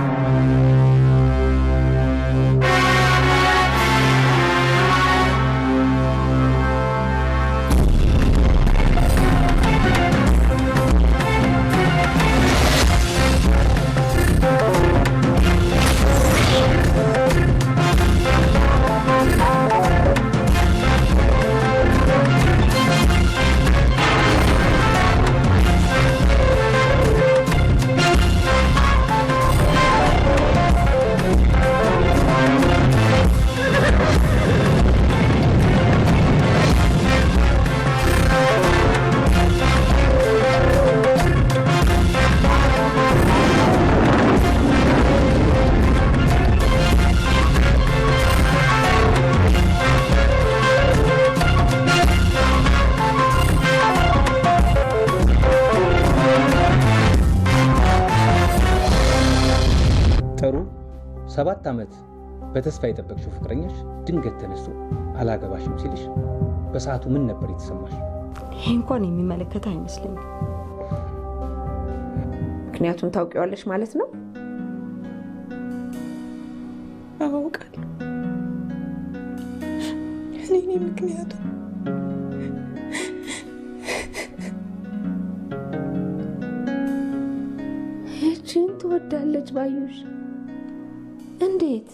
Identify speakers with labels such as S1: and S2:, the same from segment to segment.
S1: Música ሰባት ዓመት በተስፋ የጠበቅሽው ፍቅረኛሽ ድንገት ተነስቶ አላገባሽም ሲልሽ በሰዓቱ ምን ነበር የተሰማሽ?
S2: ይህ እንኳን የሚመለከት አይመስለኝም። ምክንያቱም ታውቂዋለሽ ማለት ነው። አውቃለሁ። እኔ ምክንያቱ ይህችን ትወዳለች ባዩሽ እንዴት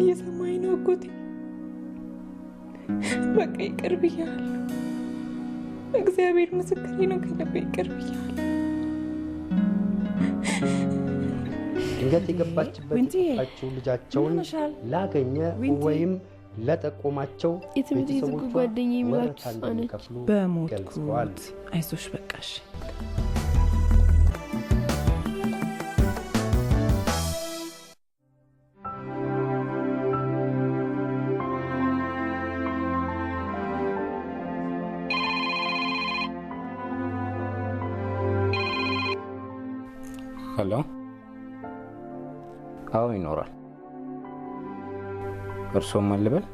S2: እየሰማኝ ነው አጎቴ? በቃ ይቅር ብያለሁ። እግዚአብሔር ምስክሬ ነው። ከልቤ ይቅር ብያለሁ።
S3: ድንገት የገባችበት ጣቸው ልጃቸውን ላገኘ ወይም ለጠቆማቸው
S2: ቤተሰቦቿ ወረታ እንደሚከፍሉ
S4: ገልጸዋል። አይዞሽ በቃሽ
S1: እርሶ ማልበል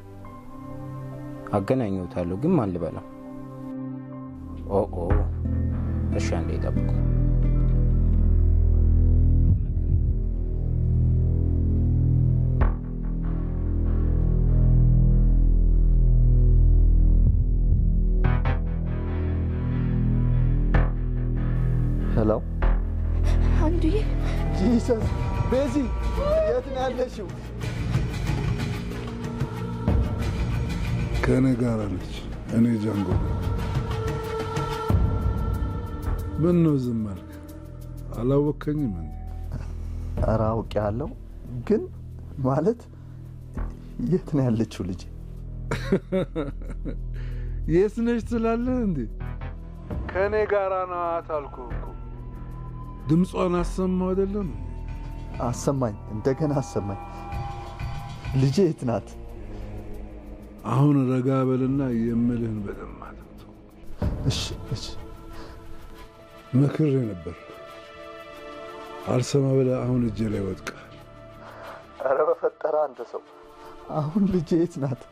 S1: አገናኘውታለሁ ግን ማልበለው ኦ ኦ እሺ አንዴ ይጠብቁ
S5: ከእኔ ጋር ነች። እኔ ጃንጎ ምን ነው ዝም አልክ? አላወከኝም እንዴ?
S1: ኧረ ግን ማለት የት ነው ያለችው ልጅ?
S5: የት ነች ትላለህ እንዴ? ከእኔ ጋር ናት አልኩህ እኮ። ድምጿን አሰማው አይደለም?
S1: አሰማኝ፣ እንደገና አሰማኝ። ልጄ የት ናት?
S5: አሁን ረጋ በልና የምልህን በደም አድምጠው። እሺ እሺ። መክሬ ነበር አልሰማ ብለህ አሁን እጄ ላይ ወድቀሃል።
S1: ኧረ በፈጠረህ አንተ ሰው፣ አሁን ልጄ የት ናት?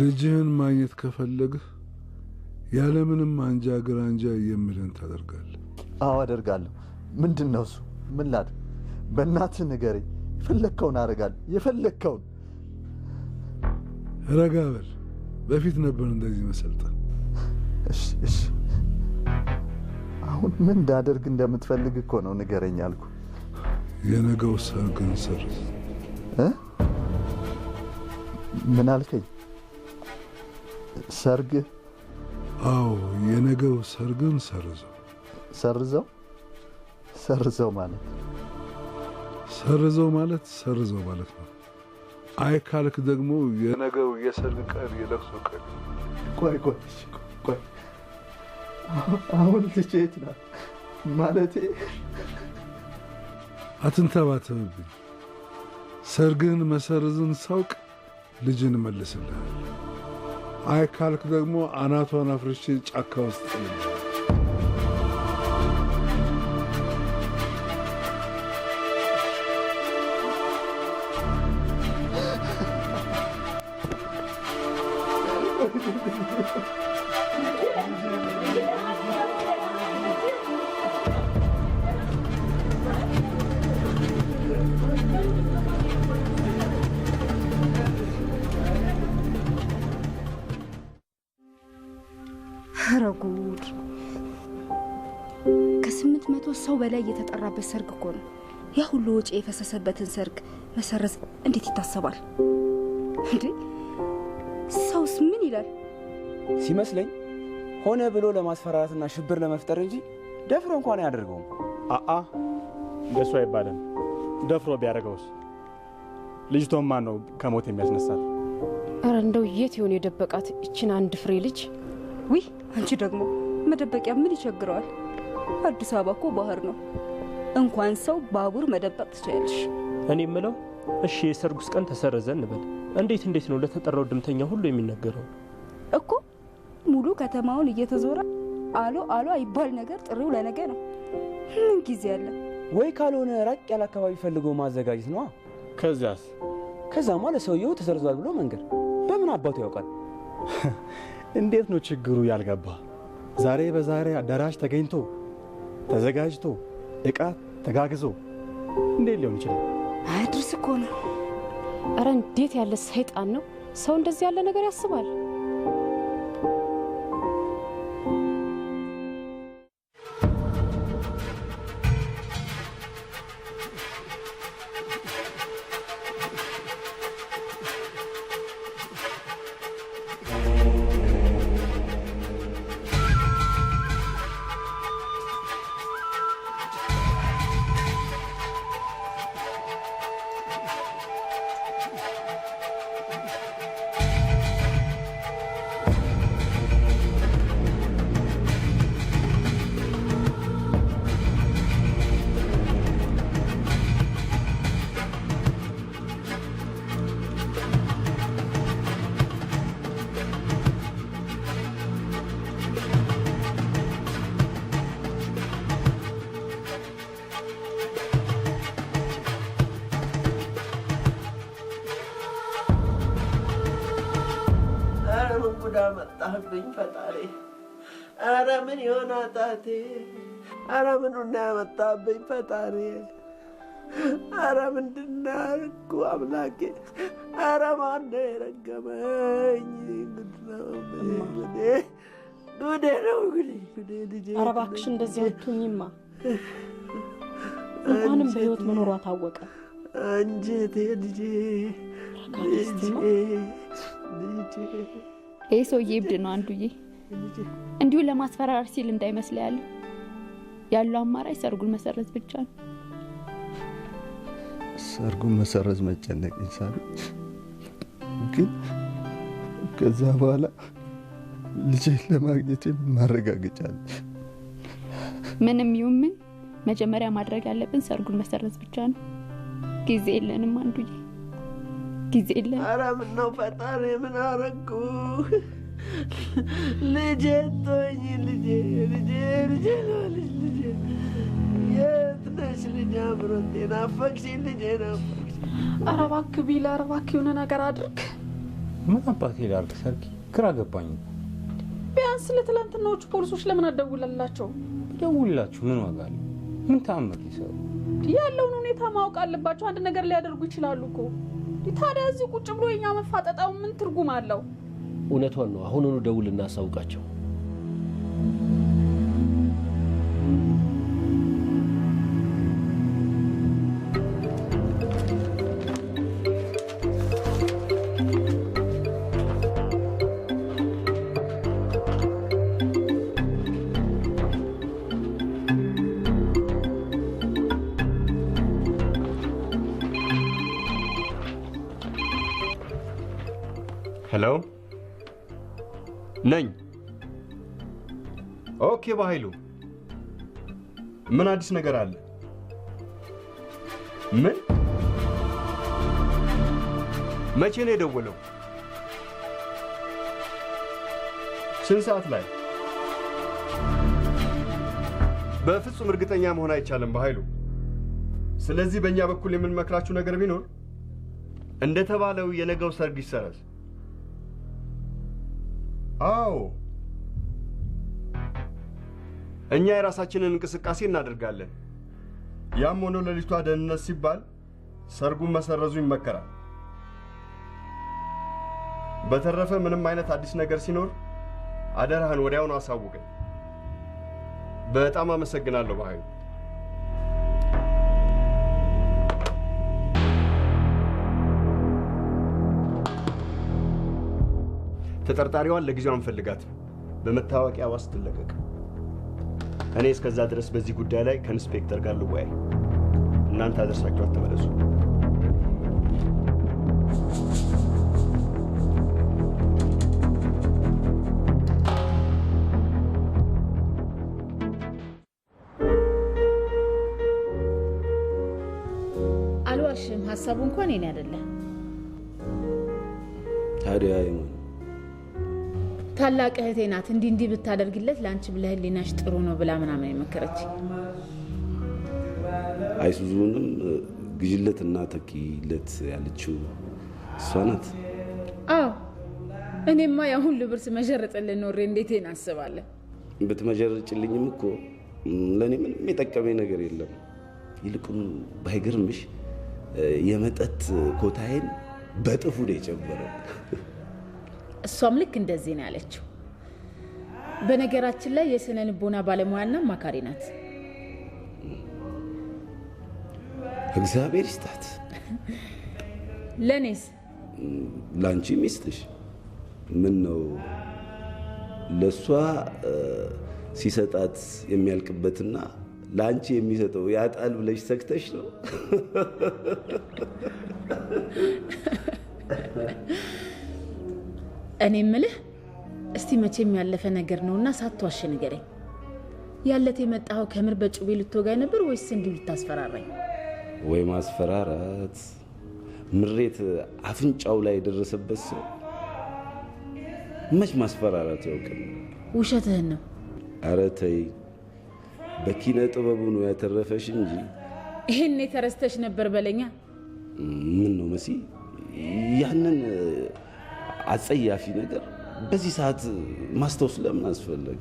S5: ልጅህን ማግኘት ከፈለግህ ያለምንም አንጃ ግራንጃ የምልህን ታደርጋለህ።
S1: አዎ አደርጋለሁ። ምንድን ነው እሱ? ምን ላድርግ? በእናትህ ንገረኝ። የፈለግከውን አደርጋለሁ። የፈለግከውን
S5: ረጋ በል። በፊት ነበር እንደዚህ መሰልጠ።
S1: እሺ እሺ፣ አሁን ምን እንዳደርግ እንደምትፈልግ እኮ ነው ንገረኝ አልኩ።
S5: የነገው ሰርግን ሰርዝ።
S1: ምን አልከኝ? ሰርግ?
S5: አዎ፣ የነገው ሰርግን ሰርዘው።
S1: ሰርዘው ሰርዘው ማለት
S5: ሰርዘው ማለት ሰርዘው ማለት ነው። አይካልክ ደግሞ የነገው የሰርግ ቀን የለቅሶ ቀን። ቆይ ቆይ ቆይ፣
S1: አሁን ልጄ የት ናት? ማለቴ
S5: አትንተባተብብኝ። ሰርግን መሰርዝን ሳውቅ ልጅን መልስልሃል። አይካልክ ደግሞ አናቷን አፍርቼ ጫካ ውስጥ ጥልኝ።
S2: ላክብር። ከስምንት መቶ ሰው በላይ የተጠራበት ሰርግ እኮ ነው። ያ ሁሉ ወጪ የፈሰሰበትን ሰርግ መሰረዝ እንዴት ይታሰባል እንዴ? ሰውስ ምን ይላል?
S6: ሲመስለኝ ሆነ ብሎ ለማስፈራራትና ሽብር ለመፍጠር እንጂ ደፍሮ እንኳን አያደርገውም።
S7: አአ እንደሱ አይባልም። ደፍሮ ቢያደርገውስ ልጅቶም ማን ነው ከሞት የሚያስነሳት?
S2: እረ እንደው የት ይሆን የደበቃት ይችን አንድ ፍሬ ልጅ?
S8: ዊ አንቺ ደግሞ መደበቂያ ምን ይቸግረዋል? አዲስ አበባ እኮ ባህር ነው። እንኳን ሰው ባቡር መደበቅ ትችላለሽ።
S6: እኔ ምለው እሺ፣ የሰርጉስ ቀን ተሰረዘ እንበል፣ እንዴት እንዴት ነው ለተጠራው ድምተኛ ሁሉ የሚነገረው?
S8: እኮ ሙሉ ከተማውን እየተዞረ አሎ አሎ አይባል ነገር ጥሪው ለነገ ነው። ምን ጊዜ አለ
S6: ወይ? ካልሆነ ራቅ ያለ አካባቢ ፈልገው ማዘጋጀት ነዋ። ከዚያስ? ከዛማ ለሰውየው ተሰርዟል ብሎ መንገር በምን አባቱ ያውቃል?
S7: እንዴት ነው ችግሩ ያልገባ ዛሬ በዛሬ አዳራሽ ተገኝቶ ተዘጋጅቶ እቃ ተጋግዞ እንዴት ሊሆን ይችላል?
S2: አድርስ እኮ ነው። እረ እንዴት ያለ ሰይጣን ነው! ሰው እንደዚህ ያለ ነገር ያስባል።
S9: አድርግልኝ ፈጣሪ። አረ ምን የሆነ አጣቴ፣ አረ ምኑና ያመጣብኝ ፈጣሪ። አረ ምንድና ያርኩ አምላኬ። አረ ማነው የረገመኝ? ጉዴ ጉዴ ነው ጉዴ ጉዴ
S2: ልጄ። አረ እባክሽ እንደዚህ አትሁኝማ። እንኳንም በህይወት መኖሯ ታወቀ
S9: እንጂ ልጄ ልጄ
S2: ልጄ ይህ ሰውዬ እብድ ነው አንዱዬ። እንዲሁ ለማስፈራር ሲል እንዳይመስለ ያለው ያለው አማራጭ ሰርጉን መሰረዝ ብቻ ነው።
S9: ሰርጉን መሰረዝ መጨነቅ ይሳል፣ ግን ከዛ በኋላ ልጄን ለማግኘት ማረጋግጫል
S2: ምንም ይሁን ምን መጀመሪያ ማድረግ ያለብን ሰርጉን መሰረዝ ብቻ ነው። ጊዜ የለንም አንዱዬ። ጊዜ የለም።
S9: ኧረ ምነው ፈጣሪ ምን አረኩ? ልጄ ቶኝ ልጄ ልጄ ልጄ ልጅ ልጄ የት ነሽ ልጄ? አምሮቴ ናፈቅሽኝ ልጄ ናፈቅሽ።
S2: ኧረ እባክህ ቢል፣ ኧረ እባክህ የሆነ ነገር አድርግ።
S1: ምን አባቴ ላድርግ? ሰርኪ ግራ ገባኝ።
S2: ቢያንስ ለትላንትናዎቹ ፖሊሶች ለምን አደውላላቸው?
S1: ደውላችሁ ምን ዋጋ አለው? ምን ተአምር ሊሰሩ?
S2: ያለውን ሁኔታ ማወቅ አለባቸው። አንድ ነገር ሊያደርጉ ይችላሉ እኮ ታዲያ እዚህ ቁጭ ብሎ የኛ መፋጠጣው ምን ትርጉም አለው?
S1: እውነቷን ነው። አሁኑኑ ደውል እናሳውቃቸው። ሄሎ ነኝ። ኦኬ በኃይሉ፣ ምን አዲስ ነገር አለ? ምን? መቼ ነው የደወለው? ስንት ሰዓት ላይ? በፍጹም እርግጠኛ መሆን አይቻልም በኃይሉ። ስለዚህ በእኛ በኩል የምንመክራችሁ ነገር ቢኖር እንደተባለው የነገው ሰርግ ይሰረዝ። አዎ እኛ የራሳችንን እንቅስቃሴ እናደርጋለን። ያም ሆኖ ለልጅቷ ደህንነት ሲባል ሰርጉን መሰረዙ ይመከራል። በተረፈ ምንም አይነት አዲስ ነገር ሲኖር አደራህን ወዲያውኑ አሳውቀኝ። በጣም አመሰግናለሁ ባዩ። ተጠርጣሪዋን ለጊዜው አንፈልጋት፣ በመታወቂያ ዋስ ትለቀቅ። እኔ እስከዛ ድረስ በዚህ ጉዳይ ላይ ከኢንስፔክተር ጋር ልወያይ። እናንተ አደርሳችሁ አትመለሱ።
S2: አልዋሽም። ሀሳቡ እንኳን የኔ አይደለም።
S10: ታዲያ ይሁን
S2: ታላቅ እህቴ ናት። እንዲህ እንዲህ ብታደርግለት ለአንቺ ብለህ ጥሩ ነው ብላ ምናምን የመከረች
S10: አይሱዙንም ግዥለት እና ተኪለት ያለችው እሷ ናት።
S2: አዎ እኔማ የአሁን ልብርስ መጀረጥልን ኖሬ እንዴቴን አስባለን።
S10: ብትመጀረጭልኝም እኮ ለእኔ ምንም የጠቀመኝ ነገር የለም። ይልቁን ባይገርምሽ የመጠጥ ኮታዬን በጥፉ ነው የጨመረ።
S2: እሷም ልክ እንደዚህ ነው ያለችው። በነገራችን ላይ የስነ ልቦና ባለሙያና አማካሪ ናት።
S10: እግዚአብሔር ይስጣት። ለእኔስ? ለአንቺ ሚስትሽ። ምን ነው ለእሷ ሲሰጣት የሚያልቅበትና ለአንቺ የሚሰጠው ያጣል ብለሽ ሰግተሽ ነው?
S2: እኔ ምልህ እስቲ መቼም ያለፈ ነገር ነውና ሳትዋሽ ንገረኝ። ያለት የመጣኸው ከምር በጩቤ ልትወጋኝ ነበር ወይስ እንዲሁ ልታስፈራራኝ?
S10: ወይ ማስፈራራት ምሬት አፍንጫው ላይ የደረሰበት ሰው መች ማስፈራራት ያውቅም።
S2: ውሸትህን ነው።
S10: ኧረ ተይ፣ በኪነ ጥበቡ ነው ያተረፈሽ እንጂ
S2: ይህን ተረስተሽ ነበር በለኛ።
S10: ምን ነው መሲ ያንን አጸያፊ ነገር በዚህ ሰዓት ማስታወስ ለምን አስፈለገ?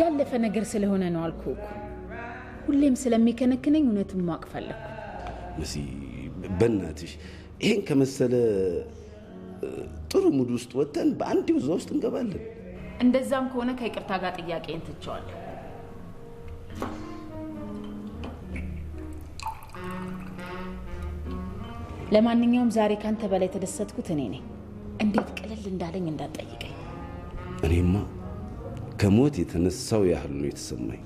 S2: ያለፈ ነገር ስለሆነ ነው አልኩ እኮ። ሁሌም ስለሚከነክነኝ እውነትም ማወቅ ፈለግኩ።
S10: መሲ በእናትሽ ይህን ከመሰለ ጥሩ ሙድ ውስጥ ወጥተን በአንድ ውዛ ውስጥ እንገባለን።
S2: እንደዛም ከሆነ ከይቅርታ ጋር ጥያቄን ትቸዋለሁ። ለማንኛውም ዛሬ ካንተ በላይ የተደሰትኩት እኔ ነኝ። እንዴት ቅልል እንዳለኝ እንዳትጠይቀኝ።
S10: እኔማ ከሞት የተነሳው ያህል ነው የተሰማኝ።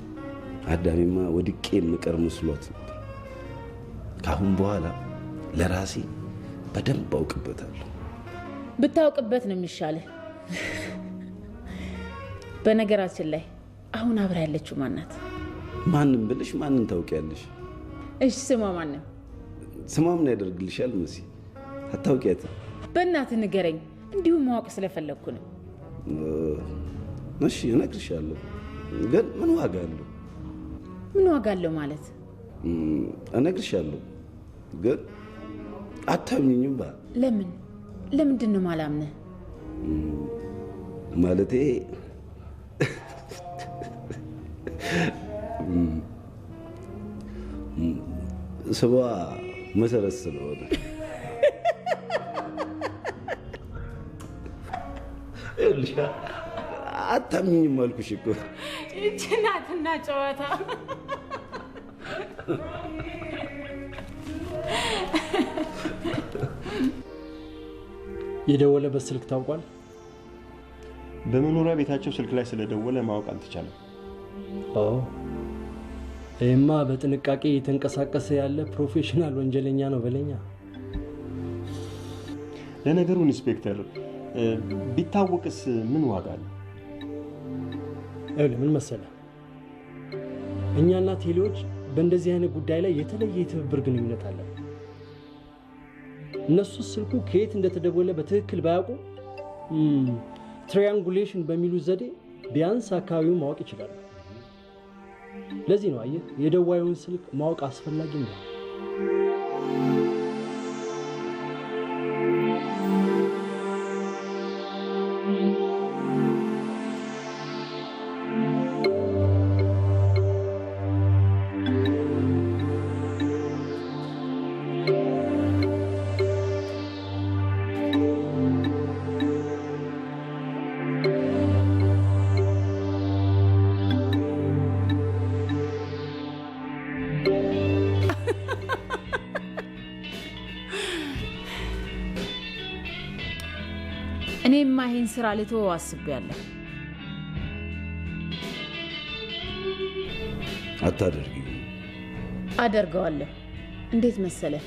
S10: አዳሚማ ወድቄ የምቀር መስሏት ነበር። ከአሁን በኋላ ለራሴ በደንብ አውቅበታለሁ።
S2: ብታውቅበት ነው የሚሻልህ። በነገራችን ላይ አሁን አብራ ያለችው ማናት?
S10: ማንም ብልሽ ማንን ታውቂያለሽ?
S2: እሺ ስሟ ማንም
S10: ስሟም ያደርግልሻል። መሲ አታውቂያትም?
S2: በእናትህ ንገረኝ። እንዲሁ ማወቅ ስለፈለግኩ ነው።
S10: እሺ እነግርሻለሁ፣ ግን ምን ዋጋ አለው?
S2: ምን ዋጋ አለው ማለት
S10: እነግርሻለሁ፣ ግን አታምኝኝም። ባ
S2: ለምን ለምንድን ነው ማላምነህ?
S10: ማለቴ ስቧ መሰረት ስለሆነ ይኸውልሽ አታምኝም አልኩሽ እኮ
S2: ይቺ ናትና ጨዋታ
S1: የደወለበት ስልክ ታውቋል? በመኖሪያ ቤታቸው ስልክ ላይ ስለደወለ ማወቅ አልተቻለም። ይህማ በጥንቃቄ እየተንቀሳቀሰ ያለ ፕሮፌሽናል ወንጀለኛ ነው በለኛ። ለነገሩ ኢንስፔክተር ቢታወቅስ ምን ዋጋ ነው? ምን መሰለህ፣ እኛና ቴሌዎች በእንደዚህ አይነት ጉዳይ ላይ የተለየ የትብብር ግንኙነት አለን። እነሱ ስልኩ ከየት እንደተደወለ በትክክል ባያውቁ ትሪያንጉሌሽን በሚሉ ዘዴ ቢያንስ አካባቢውን ማወቅ ይችላሉ። ለዚህ ነው አየህ የደዋዩን ስልክ ማወቅ አስፈላጊ ነው።
S2: እኔማ ይሄን ስራ ልተወው አስቤያለሁ። አታደርጊ። አደርገዋለሁ። እንዴት መሰለህ፣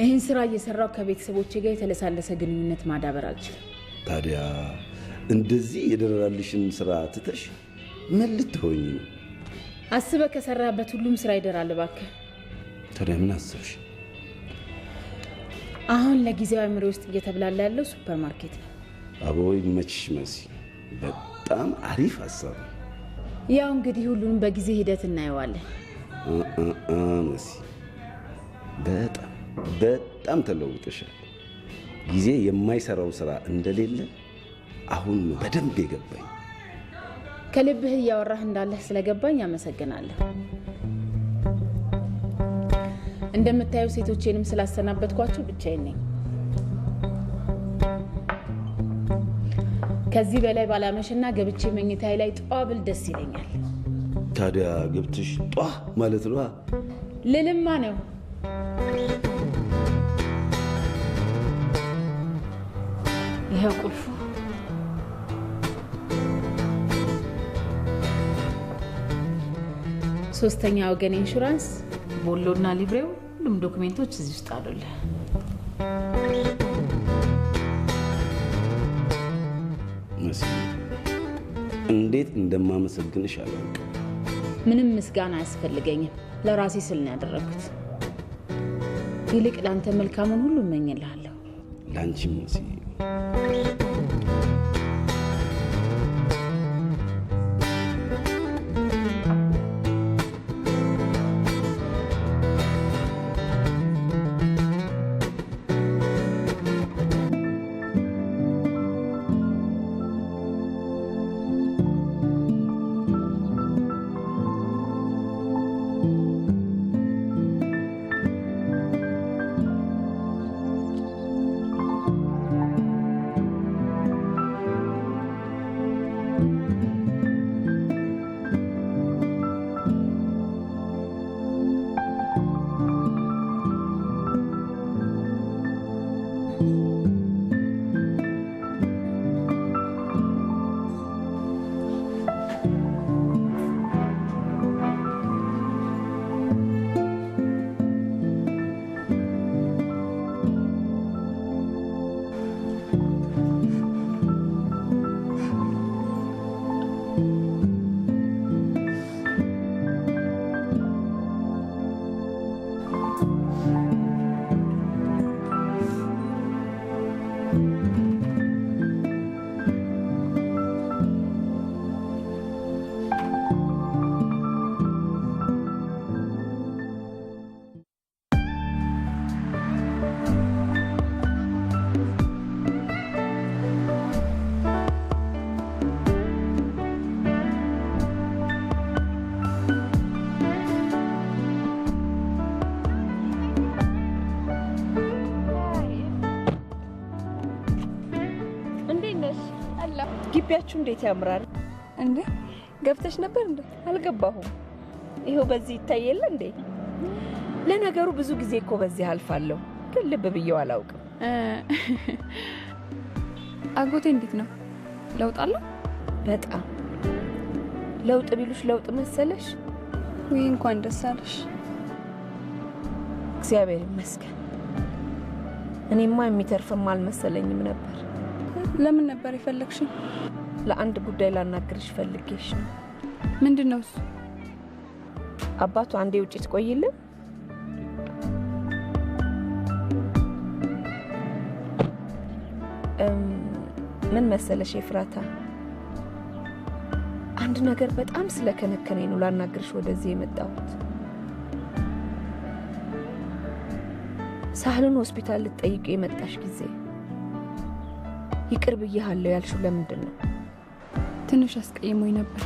S2: ይህን ስራ እየሰራው ከቤተሰቦቼ ጋር የተለሳለሰ ግንኙነት ማዳበር አልችልም።
S10: ታዲያ እንደዚህ የደረራልሽን ስራ ትተሽ ምን ልትሆኝ
S2: አስበህ ከሰራበት ሁሉም ስራ ይደራል። እባክህ።
S10: ታዲያ ምን አስብሽ?
S2: አሁን ለጊዜው አእምሮ ውስጥ እየተብላላ ያለው ሱፐር ማርኬት ነው።
S10: አበቦ ይመችሽ መሲ። በጣም አሪፍ ሀሳብ
S2: ያው እንግዲህ ሁሉንም በጊዜ ሂደት እናየዋለን።
S10: መሲ በጣም በጣም ተለውጠሻል። ጊዜ የማይሰራው ስራ እንደሌለ አሁን ነው በደንብ የገባኝ።
S2: ከልብህ እያወራህ እንዳለህ ስለገባኝ አመሰግናለሁ። እንደምታየው ሴቶቼንም ስላሰናበትኳቸው ብቻዬን ነኝ። ከዚህ በላይ ባላመሽና ገብቼ መኝታዬ ላይ ጧ ብል ደስ ይለኛል።
S10: ታዲያ ገብትሽ ጧ ማለት ነው
S2: ልልማ ነው። ይኸው ቁልፉ ሶስተኛ ወገን ኢንሹራንስ ቦሎና ሊብሬው ሁሉም ዶክሜንቶች እዚህ ውስጥ አሉለ።
S10: አይመስል እንዴት እንደማመሰግንሽ አላውቅም።
S2: ምንም ምስጋና አያስፈልገኝም። ለራሴ ስል ነው ያደረግኩት። ይልቅ ለአንተ መልካሙን ሁሉ እመኝልሃለሁ።
S10: ለአንቺም መሲ
S2: ቤታችሁ እንዴት ያምራል እንዴ! ገብተሽ ነበር እንዴ?
S11: አልገባሁም። ይኸው በዚህ ይታየለ እንዴ? ለነገሩ ብዙ ጊዜ እኮ በዚህ አልፋለሁ፣ ግን ልብ ብየው አላውቅም።
S2: አጎቴ እንዴት ነው? ለውጥ አለ?
S11: በጣም ለውጥ ቢሉሽ ለውጥ መሰለሽ።
S2: ወይ እንኳን ደስ አለሽ።
S11: እግዚአብሔር ይመስገን። እኔማ የሚተርፍም አልመሰለኝም ነበር።
S2: ለምን ነበር የፈለግሽኝ?
S11: ለአንድ ጉዳይ ላናግርሽ ፈልጌሽ ነው። ምንድን ነው እሱ? አባቱ አንዴ ውጭ ትቆይልን። ምን መሰለሽ ኤፍራታ፣ አንድ ነገር በጣም ስለከነከነኝ ነው ላናግርሽ ወደዚህ የመጣሁት። ሳህልን ሆስፒታል ልትጠይቅ የመጣሽ ጊዜ ይቅር ብዬሃለሁ ያልሽው ለምንድን ነው?
S2: ትንሽ አስቀይሞኝ ነበር።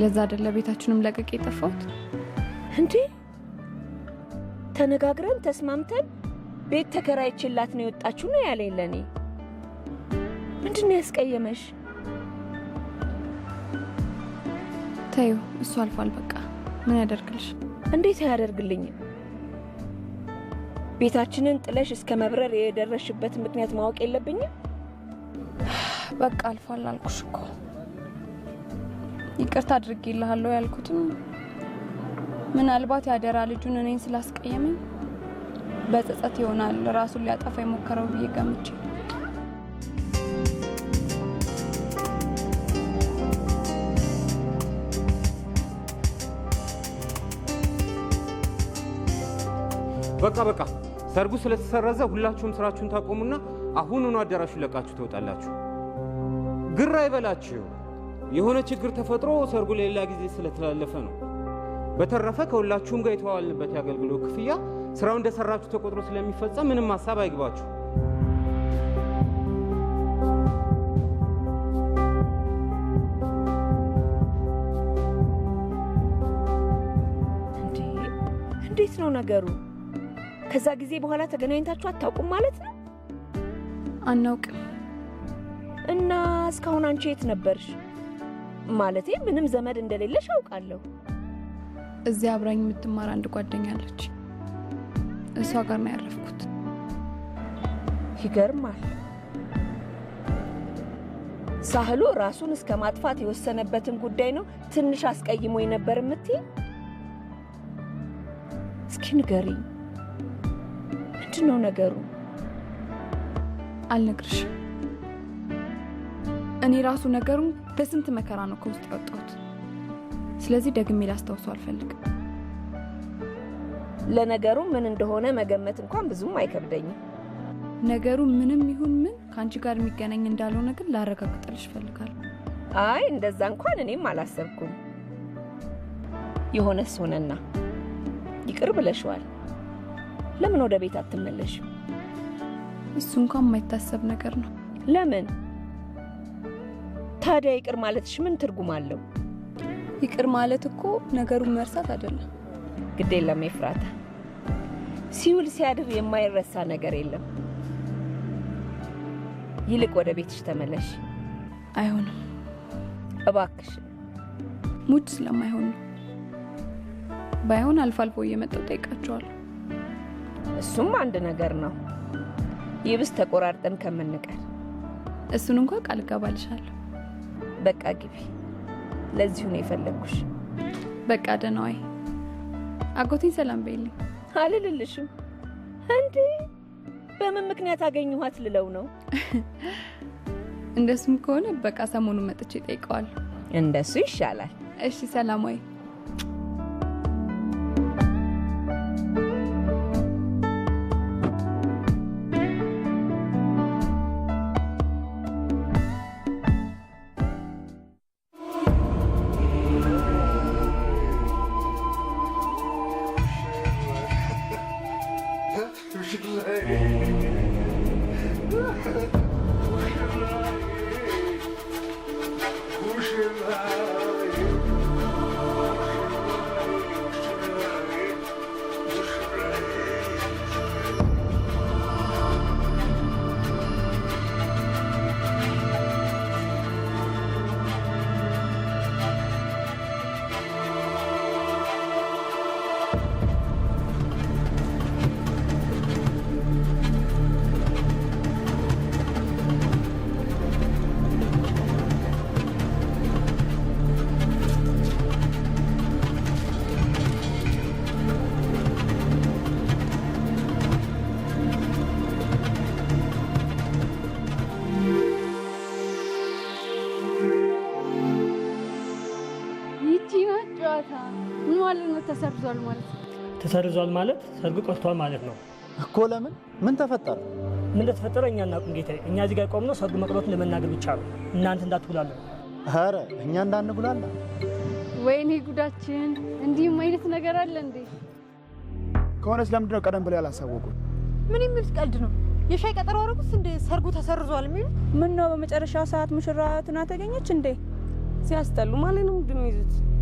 S2: ለዛ አይደለ ቤታችንም ለቀቅ የጠፋሁት።
S11: እንዴ ተነጋግረን ተስማምተን ቤት ተከራይችላት ነው የወጣችሁ ነው ያለ ለእኔ ምንድን ነው ያስቀየመሽ?
S2: ተዩ፣ እሱ አልፏል። በቃ ምን ያደርግልሽ?
S11: እንዴት አያደርግልኝም? ቤታችንን ጥለሽ እስከ መብረር የደረሽበት ምክንያት ማወቅ የለብኝም?
S2: በቃ አልፏል አልኩሽ እኮ ይቅርታ ይልሃለሁ ያልኩትም ምናልባት ያደራ ልጁን እኔን ስላስቀየመኝ በጸጸት ይሆናል ራሱን ሊያጠፋ የሞከረው ብዬ ገምቼ።
S6: በቃ በቃ ሰርጉ ስለተሰረዘ ሁላችሁም ስራችሁን ታቆሙና አሁኑኑ አዳራሹ ለቃችሁ ትወጣላችሁ። ግር አይበላችሁ። የሆነ ችግር ተፈጥሮ ሰርጉ ለሌላ ጊዜ ስለተላለፈ ነው። በተረፈ ከሁላችሁም ጋር የተዋልንበት የአገልግሎት ክፍያ ስራው እንደሰራችሁ ተቆጥሮ ስለሚፈጸም ምንም ሀሳብ አይግባችሁ።
S11: እንዴት ነው ነገሩ? ከዛ ጊዜ በኋላ ተገናኝታችሁ አታውቁም ማለት ነው? አናውቅም እና እስካሁን አንቺ የት ነበርሽ? ማለቴ ምንም ዘመድ እንደሌለሽ አውቃለሁ።
S2: እዚያ አብራኝ የምትማር አንድ ጓደኛ አለች። እሷ ጋር ነው ያረፍኩት።
S11: ይገርማል። ሳህሉ ራሱን እስከ ማጥፋት የወሰነበትን ጉዳይ ነው ትንሽ አስቀይሞ ነበር የምትይ? እስኪ ንገሪኝ፣ ምንድን ነው ነገሩ?
S2: አልነግርሽም። እኔ ራሱ ነገሩን በስንት መከራ ነው ከውስጥ ያወጣሁት። ስለዚህ ደግሜ ላስታውሰው አልፈልግም።
S11: ለነገሩ ምን እንደሆነ መገመት እንኳን ብዙም አይከብደኝም።
S2: ነገሩ ምንም ይሁን ምን ከአንቺ ጋር የሚገናኝ እንዳልሆነ ግን ላረጋግጠልሽ ፈልጋል
S11: አይ እንደዛ እንኳን እኔም አላሰብኩም። የሆነስ ሆነና ይቅር ብለሸዋል ለምን ወደ ቤት አትመለሽም?
S2: እሱ እንኳን የማይታሰብ ነገር ነው።
S11: ለምን ታዲያ ይቅር ማለትሽ ምን ትርጉም አለው?
S2: ይቅር ማለት እኮ ነገሩን መርሳት አይደለም።
S11: ግድ የለም ኤፍራታ፣ ሲውል ሲያድር የማይረሳ ነገር የለም። ይልቅ ወደ ቤትሽ ተመለሽ። አይሆንም እባክሽ፣
S2: ሙድ ስለማይሆን ነው። ባይሆን አልፎ አልፎ እየመጣው ጠይቃቸዋል
S11: እሱም አንድ ነገር ነው፣ ይብስ ተቆራርጠን ከምንቀር።
S2: እሱን እንኳን ቃል እገባልሻለሁ።
S11: በቃ ግቢ። ለዚሁ ነው የፈለግኩሽ።
S2: በቃ ደናዋይ አጎቴን ሰላም በይል
S11: አልልልሽም። እንዴ በምን ምክንያት አገኘኋት ልለው ነው?
S2: እንደሱም ከሆነ በቃ ሰሞኑን መጥቼ ጠይቀዋል።
S11: እንደሱ ይሻላል።
S2: እሺ ሰላም ወይ ተሰርዟል ማለት ነው። ተሰርዟል ማለት ሰርጉ ቀርቷል ማለት ነው እኮ። ለምን ምን ተፈጠረ? ምን እንደተፈጠረ እኛ እናቁም ጌታ። እኛ እዚህ ጋር ቆምነው ሰርጉ መቅረቱን ለመናገር ብቻ ነው። እናንተ እንዳትጉላሉ። ኧረ እኛ እንዳንጉላላ። ወይኔ ጉዳችን! እንዲህም አይነት ነገር አለ እንዴ? ከሆነስ ለምንድን ነው ቀደም ብለው ያላሳወቁ? ምን የሚሉት ቀልድ ነው? የሻይ ቀጠሮ አደረጉት እንዴ? ሰርጉ ተሰርዟል የሚሉ ምን ነው? በመጨረሻው ሰዓት ሙሽራ ትና ተገኘች እንዴ? ሲያስጠሉ ማለት ነው። ምንድን ይዙት